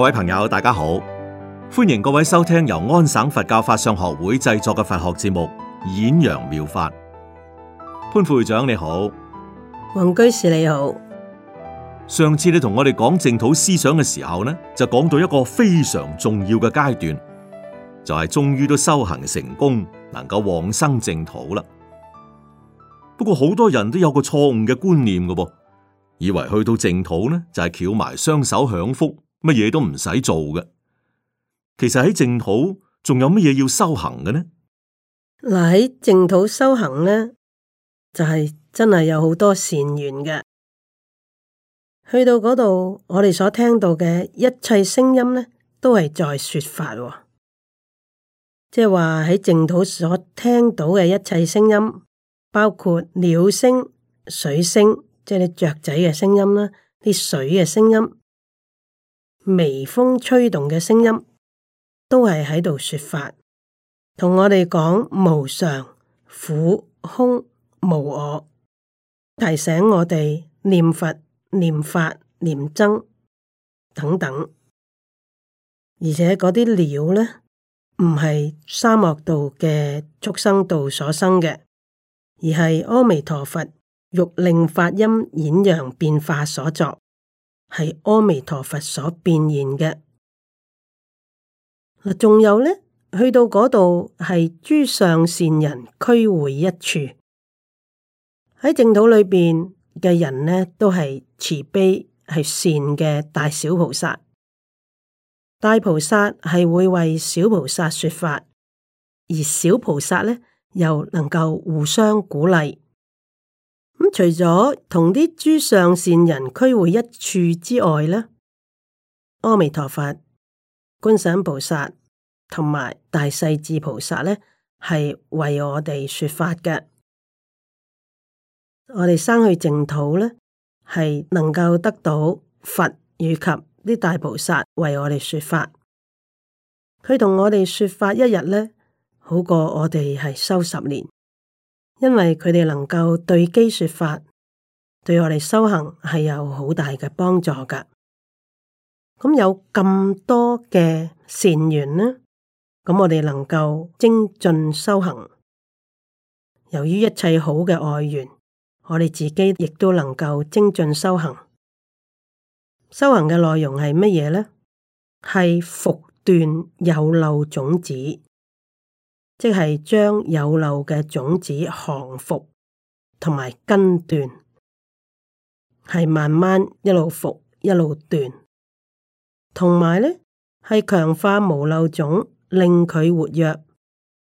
各位朋友，大家好，歡迎各位收聽由安省佛教法相學會製作嘅佛學節目《演揚妙法》。潘副會長你好，黃居士你好。上次你同我哋講淨土思想嘅時候呢，就講到一個非常重要嘅階段，就係終於都修行成功，能夠往生淨土啦。不過好多人都有個錯誤嘅觀念嘅噃，以為去到淨土呢就係翹埋雙手享福。乜嘢都唔使做嘅，其實喺淨土仲有乜嘢要修行嘅呢？嗱、呃，喺淨土修行呢，就係、是、真係有好多善緣嘅。去到嗰度，我哋所聽到嘅一切聲音呢，都係在說法。哦，即係話喺淨土所聽到嘅一切聲音，包括鳥聲、水聲，即係雀仔嘅聲音啦，啲水嘅聲音。微風吹動嘅聲音，都係喺度說法，同我哋講無常、苦、空、無我，提醒我哋念佛、念法、念僧等等。而且嗰啲鳥呢，唔係沙漠度嘅畜生道所生嘅，而係阿彌陀佛欲令法音演揚變化所作。係阿彌陀佛所變現嘅。仲有呢，去到嗰度係諸上善人聚會一處。喺淨土裏邊嘅人呢，都係慈悲係善嘅大小菩薩，大菩薩係會為小菩薩說法，而小菩薩呢，又能夠互相鼓勵。咁、嗯、除咗同啲諸上善人俱會一處之外咧，阿彌陀佛、觀世音菩薩同埋大勢至菩薩咧，係為我哋說法嘅。我哋生去淨土咧，係能夠得到佛以及啲大菩薩為我哋說法。佢同我哋說法一日咧，好過我哋係修十年。因為佢哋能夠對機說法，對我哋修行係有好大嘅幫助㗎。咁有咁多嘅善緣呢，咁我哋能夠精進修行。由於一切好嘅愛緣，我哋自己亦都能夠精進修行。修行嘅內容係乜嘢呢？係伏斷有漏種子。即係將有漏嘅種子降伏，同埋根斷，係慢慢一路伏一路斷，同埋咧，係強化無漏種，令佢活躍，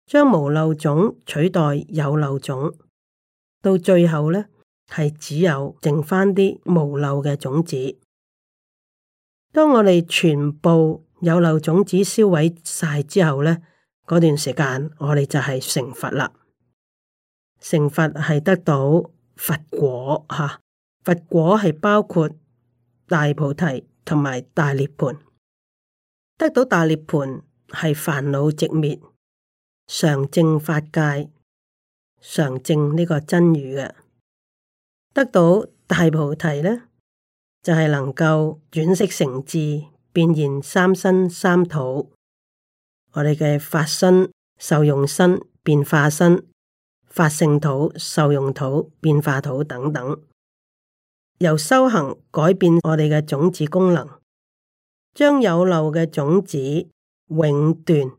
將無漏種取代有漏種，到最後咧，係只有剩翻啲無漏嘅種子。當我哋全部有漏種子銷毀晒之後咧。嗰段時間，我哋就係成佛啦。成佛係得到佛果吓，佛果係包括大菩提同埋大涅槃。得到大涅槃係煩惱寂滅、常正法界、常正呢個真如嘅。得到大菩提呢，就係、是、能夠轉識成智，變現三身三土。我哋嘅法身、受用身、變化身、法性土、受用土、變化土等等，由修行改變我哋嘅種子功能，將有漏嘅種子永斷，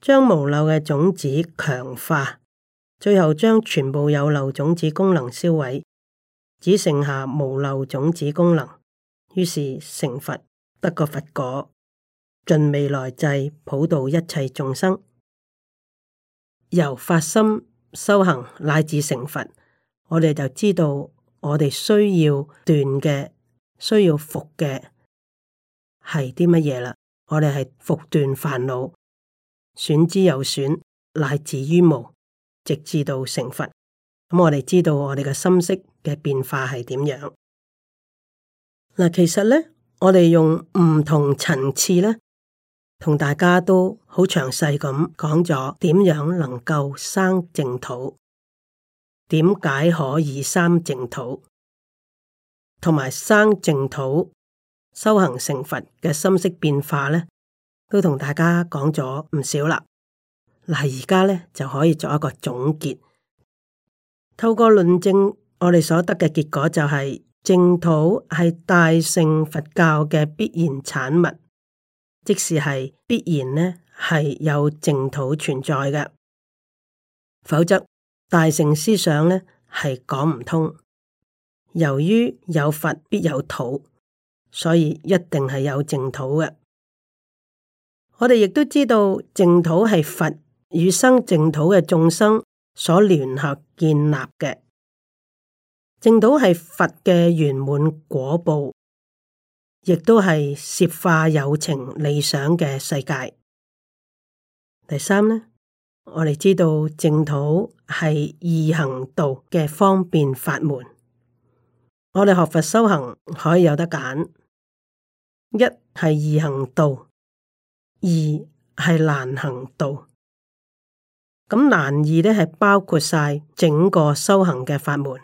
將無漏嘅種子強化，最後將全部有漏種子功能銷毀，只剩下無漏種子功能，於是成佛，得個佛果。盡未來際普渡一切眾生，由發心修行乃至成佛，我哋就知道我哋需要斷嘅、需要伏嘅係啲乜嘢啦。我哋係伏斷煩惱，損之又損，乃至於無，直至到成佛。咁我哋知道我哋嘅心識嘅變化係點樣。嗱，其實咧，我哋用唔同層次咧。同大家都好詳細咁講咗點樣能夠生淨土，點解可以生淨土，同埋生淨土修行成佛嘅心識變化呢？都同大家講咗唔少啦。嗱，而家呢就可以做一個總結，透過論證，我哋所得嘅結果就係、是、淨土係大乘佛教嘅必然產物。即是係必然呢係有淨土存在嘅，否則大乘思想呢係講唔通。由於有佛必有土，所以一定係有淨土嘅。我哋亦都知道淨土係佛與生淨土嘅眾生所聯合建立嘅，淨土係佛嘅圓滿果報。亦都係攝化有情理想嘅世界。第三呢，我哋知道淨土係易行道嘅方便法門。我哋學佛修行可以有得揀，一係易行道，二係難行道。咁難易呢係包括晒整個修行嘅法門。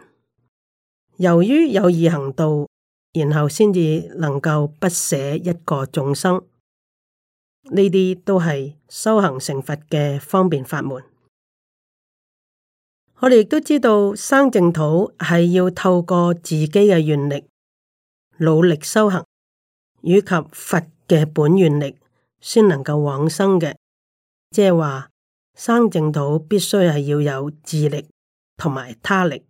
由於有易行道。然後先至能夠不捨一個眾生，呢啲都係修行成佛嘅方便法門。我哋都知道生淨土係要透過自己嘅願力、努力修行，以及佛嘅本願力，先能夠往生嘅。即係話生淨土必須係要有自力同埋他力，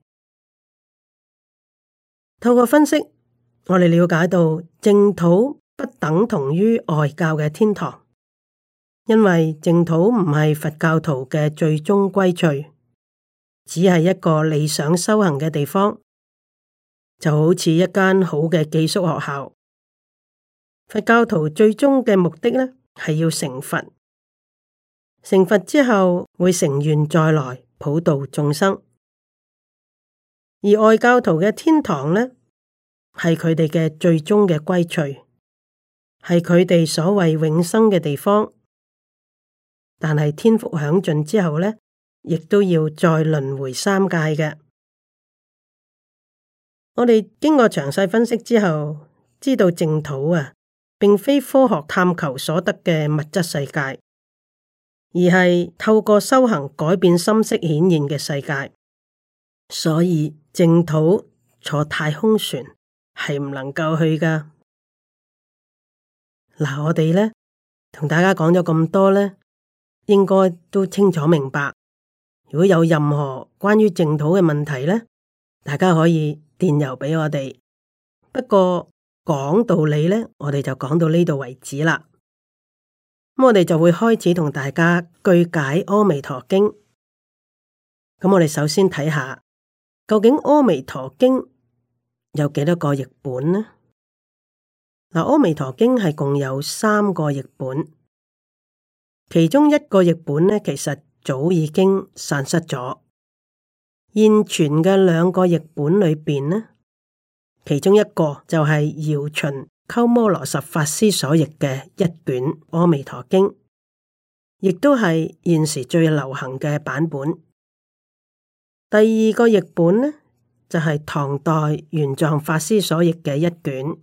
透過分析，我哋了解到，淨土不等同於外教嘅天堂，因為淨土唔係佛教徒嘅最終歸處，只係一個理想修行嘅地方，就好似一間好嘅寄宿學校。佛教徒最終嘅目的咧，係要成佛，成佛之後會成願再來普度眾生，而外教徒嘅天堂呢，係佢哋嘅最終嘅歸處，係佢哋所謂永生嘅地方。但係天福享盡之後呢，亦都要再輪回三界嘅。我哋經過詳細分析之後，知道淨土啊，並非科學探求所得嘅物質世界，而係透過修行改變心識顯現嘅世界。所以淨土坐太空船，係唔能夠去噶？嗱，我哋咧同大家講咗咁多咧，應該都清楚明白。如果有任何關於淨土嘅問題咧，大家可以電郵俾我哋。不過講道理咧，我哋就講到呢度為止啦。咁我哋就會開始同大家句解《阿彌陀經》。咁我哋首先睇下究竟《阿彌陀經》有幾多個譯本呢？嗱，《阿彌陀經》係共有三個譯本，其中一個譯本呢，其實早已經散失咗。現存嘅兩個譯本裏邊呢，其中一個就係姚秦鳩摩羅什法師所譯嘅一卷《阿彌陀經》，亦都係現時最流行嘅版本。第二個譯本呢？就係唐代玄奘法師所譯嘅一卷，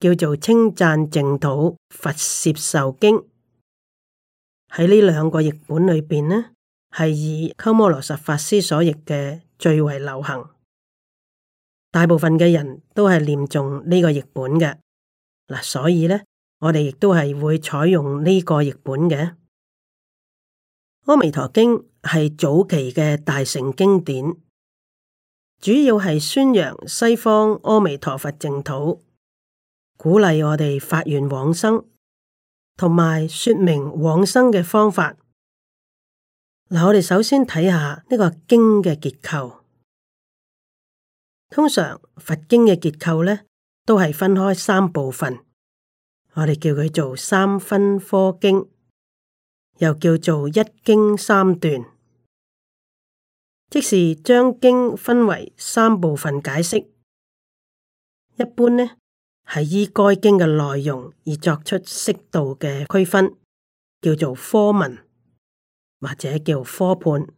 叫做《稱讚淨土佛攝受經》。喺呢兩個譯本裏邊呢，係以鳩摩羅什法師所譯嘅最為流行，大部分嘅人都係念誦呢個譯本嘅。嗱，所以呢，我哋亦都係會採用呢個譯本嘅。《阿彌陀經》係早期嘅大乘經典。主要係宣揚西方阿彌陀佛淨土，鼓勵我哋發願往生，同埋說明往生嘅方法。嗱，我哋首先睇下呢個經嘅結構。通常佛經嘅結構咧，都係分開三部分，我哋叫佢做三分科經，又叫做一經三段。即是將經分為三部分解釋，一般呢係依該經嘅內容而作出適度嘅區分，叫做科文或者叫科判。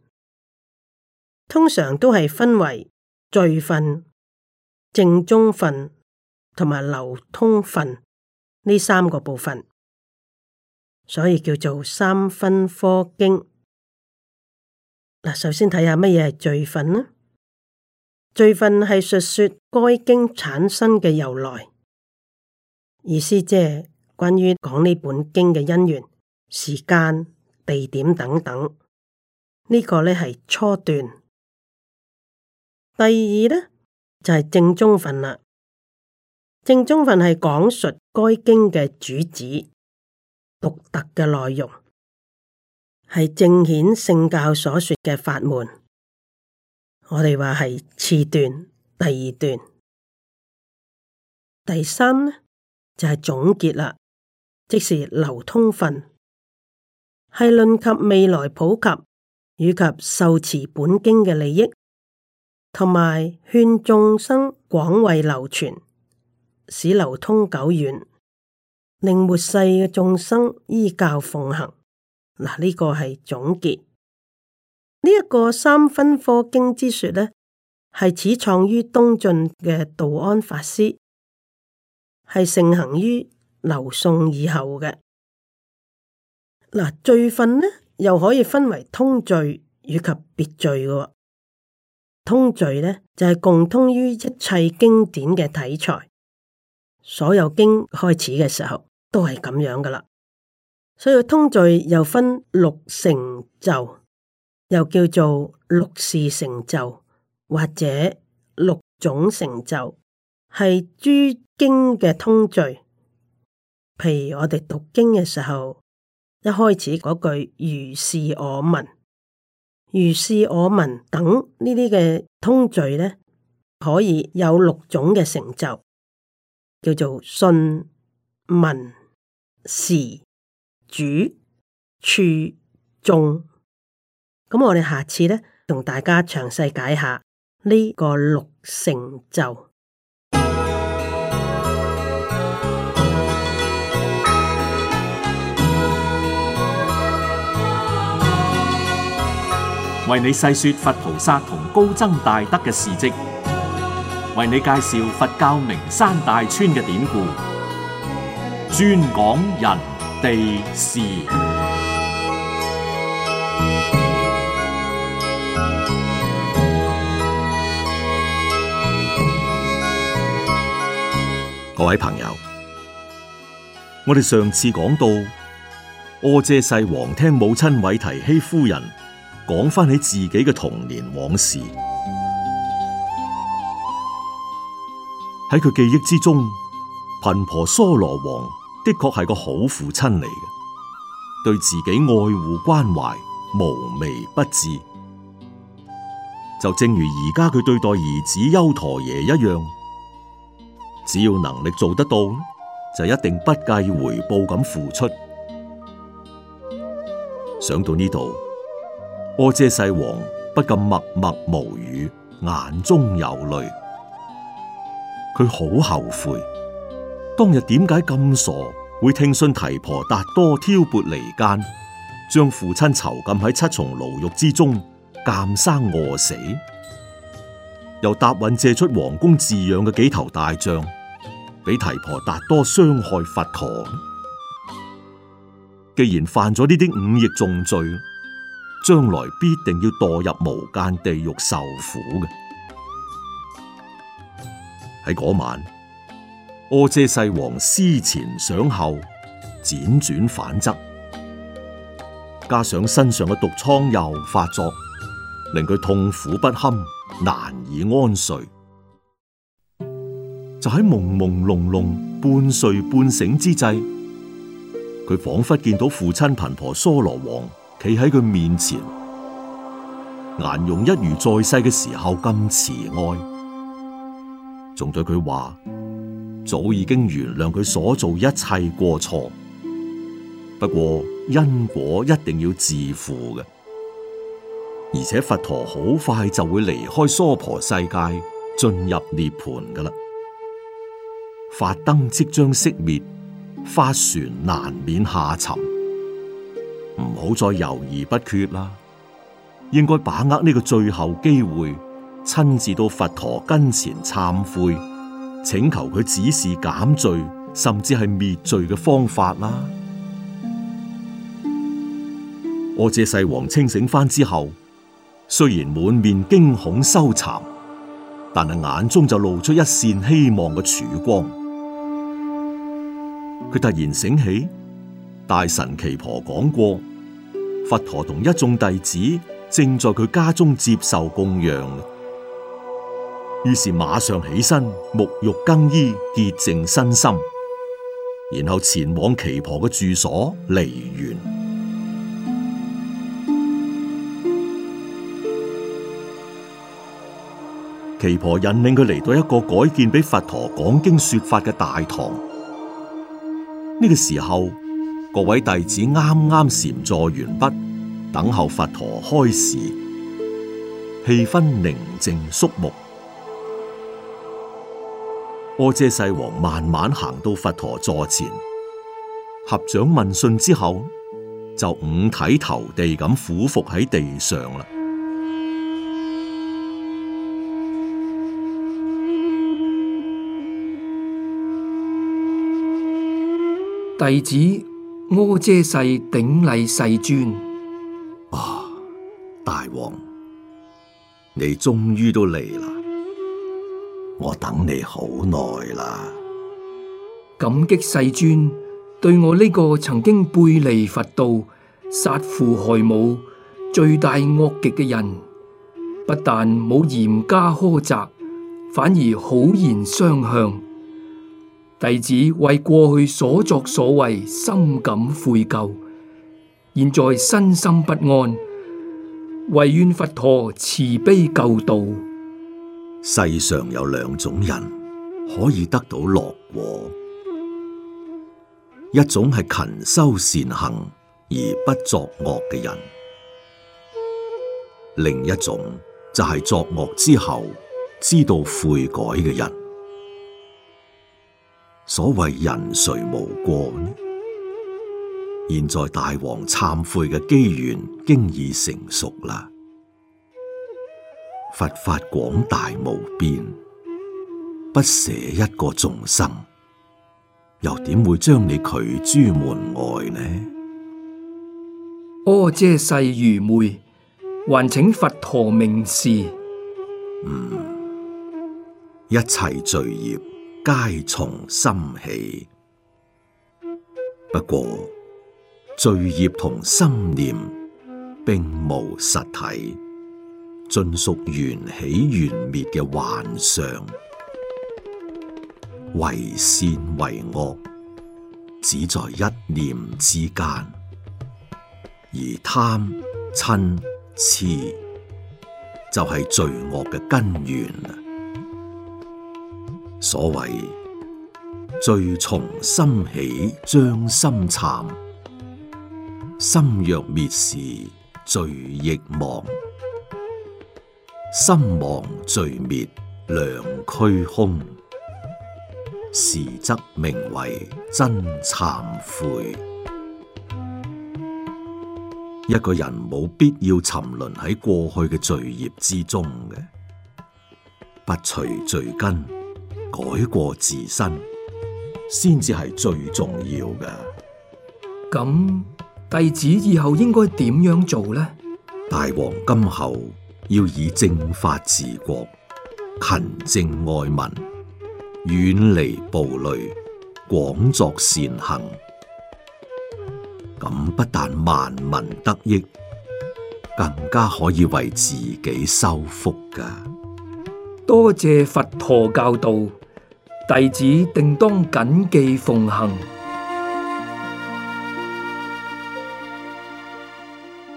通常都係分為序分、正宗分同埋流通分呢三個部分，所以叫做三分科經。首先睇下乜嘢係序分啦？序分係述說該經產生嘅由來，意思即係關於講呢本經嘅因緣、時間、地點等等。呢、這個咧係初段。第二咧就係、是、正宗分啦，正宗分係講述該經嘅主旨獨特嘅內容。係正顯聖教所說嘅法門，我哋話係次段第二段，第三呢就係、是、總結啦，即是流通分，係論及未來普及以及受持本經嘅利益，同埋勸眾生廣為流傳，使流通久遠，令末世嘅眾生依教奉行。嗱，呢個係總結呢一個三分科經之說呢，係始創於東晉嘅道安法師，係盛行於劉宋以後嘅。嗱，罪分呢又可以分為通罪以及別罪嘅。通罪呢就係共通於一切經典嘅題材，所有經開始嘅時候都係咁樣噶啦。所以通序又分六成就，又叫做六事成就，或者六種成就，係諸經嘅通序。譬如我哋讀經嘅時候，一開始嗰句「如是我聞，如是我聞」等呢啲嘅通序咧，可以有六種嘅成就，叫做信、聞、事、主處眾，咁我哋下次呢，同大家詳細解下呢個六成就。為你細說佛菩薩同高僧大德嘅事迹，為你介紹佛教名山大川嘅典故，專講人地事，各位朋友，我哋上次講到，阿闍世王聽母親韋提希夫人講返起自己嘅童年往事，喺佢記憶之中，頻婆娑羅王。的確係個好父親嚟嘅，對自己愛護關懷無微不至，就正如而家佢對待兒子優陀耶一樣，只要能力做得到，就一定不計回報咁付出。想到呢度，阿闍世王不禁默默無語，眼中有淚，佢好後悔。當日點解咁傻，會聽信提婆達多挑撥離間，將父親囚禁喺七重牢獄之中，監生餓死，又答允借出皇宮飼養嘅幾頭大象，俾提婆達多傷害佛堂。既然犯咗呢啲五逆重罪，將來必定要墮入無間地獄受苦嘅。喺嗰晚，阿闍世王思前想後，輾轉反側，加上身上嘅毒瘡又發作，令佢痛苦不堪，難以安睡。就喺朦朦朧朧、半睡半醒之際，佢仿佛見到父親頻婆娑羅王企喺佢面前，顏容一如在世嘅時候咁慈愛，仲對佢話。早已經原諒佢所做一切過錯，不過因果一定要自負嘅，而且佛陀好快就會離開娑婆世界，進入涅槃㗎喇。法燈即將熄滅，法船難免下沉，唔好再猶豫不決啦，應該把握呢個最後機會，親自到佛陀跟前懺悔。請求佢指示減罪，甚至係滅罪嘅方法啦！阿闍世王清醒返之後，雖然滿面驚恐羞慚，但係眼中就露出一線希望嘅曙光。佢突然醒起，大神奇婆講過，佛陀同一眾弟子正在佢家中接受供養。於是馬上起身沐浴更衣潔淨身心，然後前往耆婆嘅住所梨園。耆婆引領佢嚟到一個改建俾佛陀講經說法嘅大堂。呢個時候，各位弟子啱啱禪坐完畢，等候佛陀開示，氣氛寧靜肅穆。阿闍世王慢慢行到佛陀座前，合掌問訊之後，就五體投地咁俯伏喺地上啦。弟子阿闍世頂禮世尊。啊，大王，你終於都嚟啦！我等你好耐啦！感激世尊對我呢個曾經背離佛道、殺父害母、罪大惡極嘅人，不但冇嚴加苛責，反而好言相向。弟子為過去所作所為，深感悔疚，現在身心不安，唯願佛陀慈悲救度。世上有兩種人可以得到樂果，一種係勤修善行而不作惡嘅人，另一種就係作惡之後知道悔改嘅人。所謂人誰無過呢？現在大王懺悔嘅機緣經已成熟啦。佛法廣大無邊，不捨一個眾生，又點會將你拒諸門外呢？阿闍世愚昧，還請佛陀明示。嗯，一切罪業皆從心起，不過罪業同心念並無實體。盡屬緣起緣滅嘅幻相，為善為惡，只在一念之間。而貪嗔癡就係、是、罪惡嘅根源。所謂“罪從心起，將心懺；心若滅時，罪亦亡。”心亡罪滅，兩俱空；是則名為真懺悔。一個人冇必要沉淪喺過去嘅罪孽之中嘅，不除罪根，改過自身，先至係最重要嘅。咁弟子以後應該點樣做呢？大王，今後。要以正法治國，勤政愛民，遠離暴戾、廣作善行。咁不但萬民得益，更加可以為自己修福噶。多謝佛陀教導，弟子定當謹記奉行。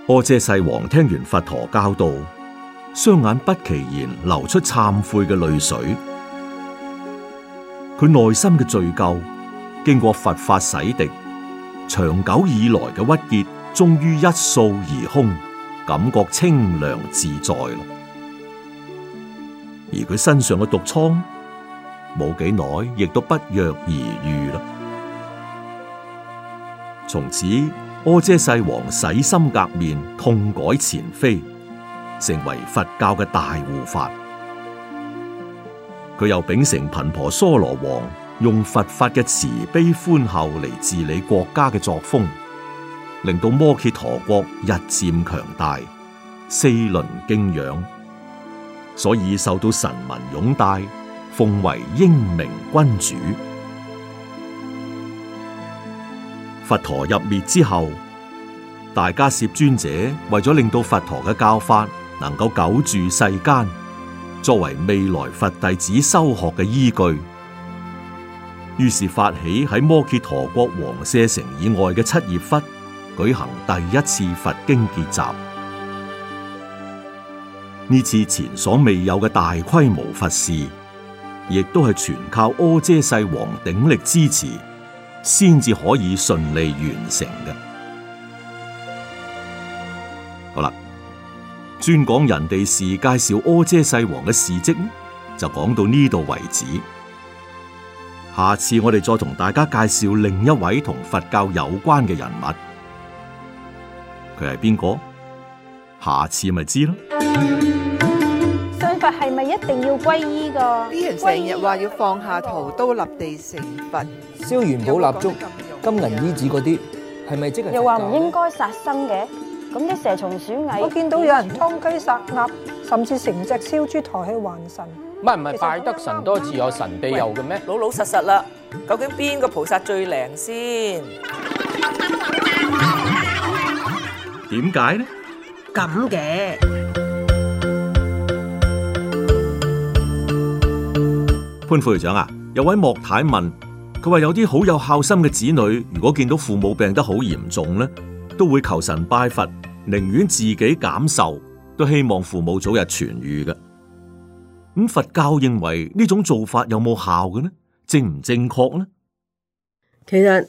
阿闍世王聽完佛陀教導。雙眼不其然流出懺悔嘅淚水，佢內心嘅罪疚經過佛法洗滌，長久以來嘅鬱結終於一掃而空，感覺清涼自在啦。而佢身上嘅毒瘡冇幾耐亦都不藥而癒啦。從此阿闍世王洗心革面，痛改前非。成為佛教嘅大護法，佢又秉承頻婆娑羅王用佛法嘅慈悲寬厚嚟治理國家嘅作風，令到摩羯陀國日漸強大，四鄰敬仰，所以受到臣民擁戴，奉為英明君主。佛陀入滅之後，大迦葉尊者為咗令到佛陀嘅教法，能夠久住世間，作為未來佛弟子修學嘅依據。於是發起喺摩揭陀國王舍城以外嘅七葉窟舉行第一次佛經結集。呢次前所未有嘅大規模佛事，亦都係全靠阿闍世王鼎力支持，先至可以順利完成嘅。專講人哋事，介紹阿闍世王嘅事跡，就講到呢度為止。下次我哋再同大家介紹另一位同佛教有關嘅人物，佢係邊個？下次咪知咯。信佛係咪一定要皈依噶？啲人成日話要放下屠刀立地成佛，燒元寶蠟燭、有有金銀衣紙嗰啲，係咪呀即係？又話唔應該殺生嘅？咁啲蛇蟲鼠蟻，我見到有人劏雞殺鴨，鴨甚至成隻燒豬抬去還神。唔係唔係，拜得神多自然是神庇佑嘅咩？老老實實啦，究竟邊個菩薩最靈先？點解呢？咁嘅潘副隊長啊，有位莫太問，佢話有啲好有孝心嘅子女，如果見到父母病得好嚴重咧？都會求神拜佛，寧願自己減壽，都希望父母早日痊癒嘅。咁佛教認為呢種做法有冇效嘅呢？正唔正確呢？其實，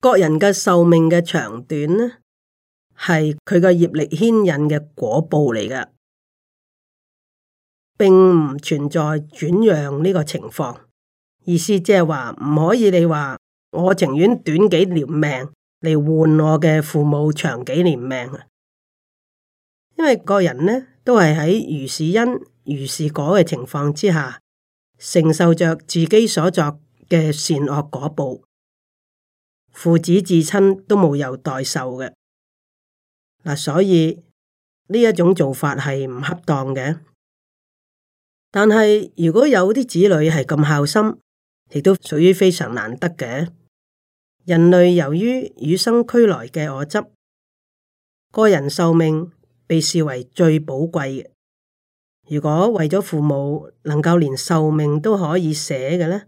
各人嘅壽命嘅長短呢，係佢嘅業力牽引嘅果報嚟嘅，並唔存在轉讓呢個情況。意思即係話唔可以你話我情願短幾條命。嚟換我嘅父母長幾年命，因為個人呢都係喺如是因如是果嘅情況之下承受着自己所作嘅善惡果報，父子至親都冇有，有代受嘅嗱，所以呢一種做法係唔恰當嘅。但係如果有啲子女係咁孝心，亦都屬於非常難得嘅。人類由於與生俱來嘅我執，個人壽命被視為最寶貴嘅。如果為咗父母能夠連壽命都可以捨嘅呢，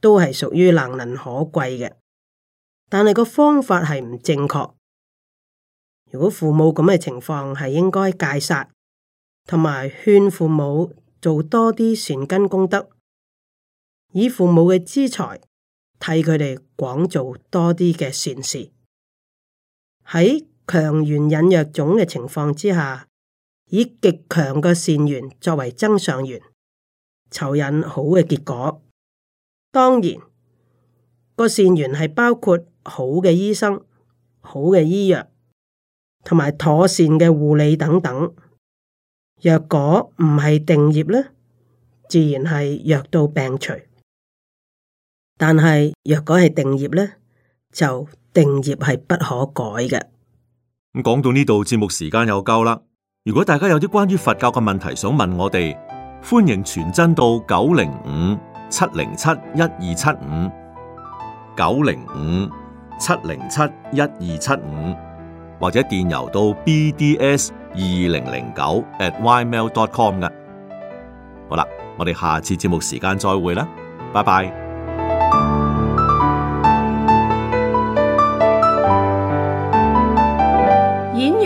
都係屬於難能可貴嘅。但係個方法係唔正確。如果父母咁嘅情況係應該戒殺，同埋勸父母做多啲善根功德，以父母嘅資財。替佢哋廣做多啲嘅善事，喺強緣引弱種嘅情況之下，以極強嘅善緣作為增上緣，籌引好嘅結果。當然，個善緣係包括好嘅醫生、好嘅醫藥同埋妥善嘅護理等等。若果唔係定業呢，自然係藥到病除。但係，若果係定業咧，就定業係不可改嘅。咁講到呢度，節目時間又夠啦。如果大家有啲關於佛教嘅問題想問我哋，歡迎傳真到九零五七零七一二七五九零五七零七一二七五，75, 75, 或者電郵到 bds 二零零九 at ymail.com 嘅。好啦，我哋下次節目時間再會啦，拜拜。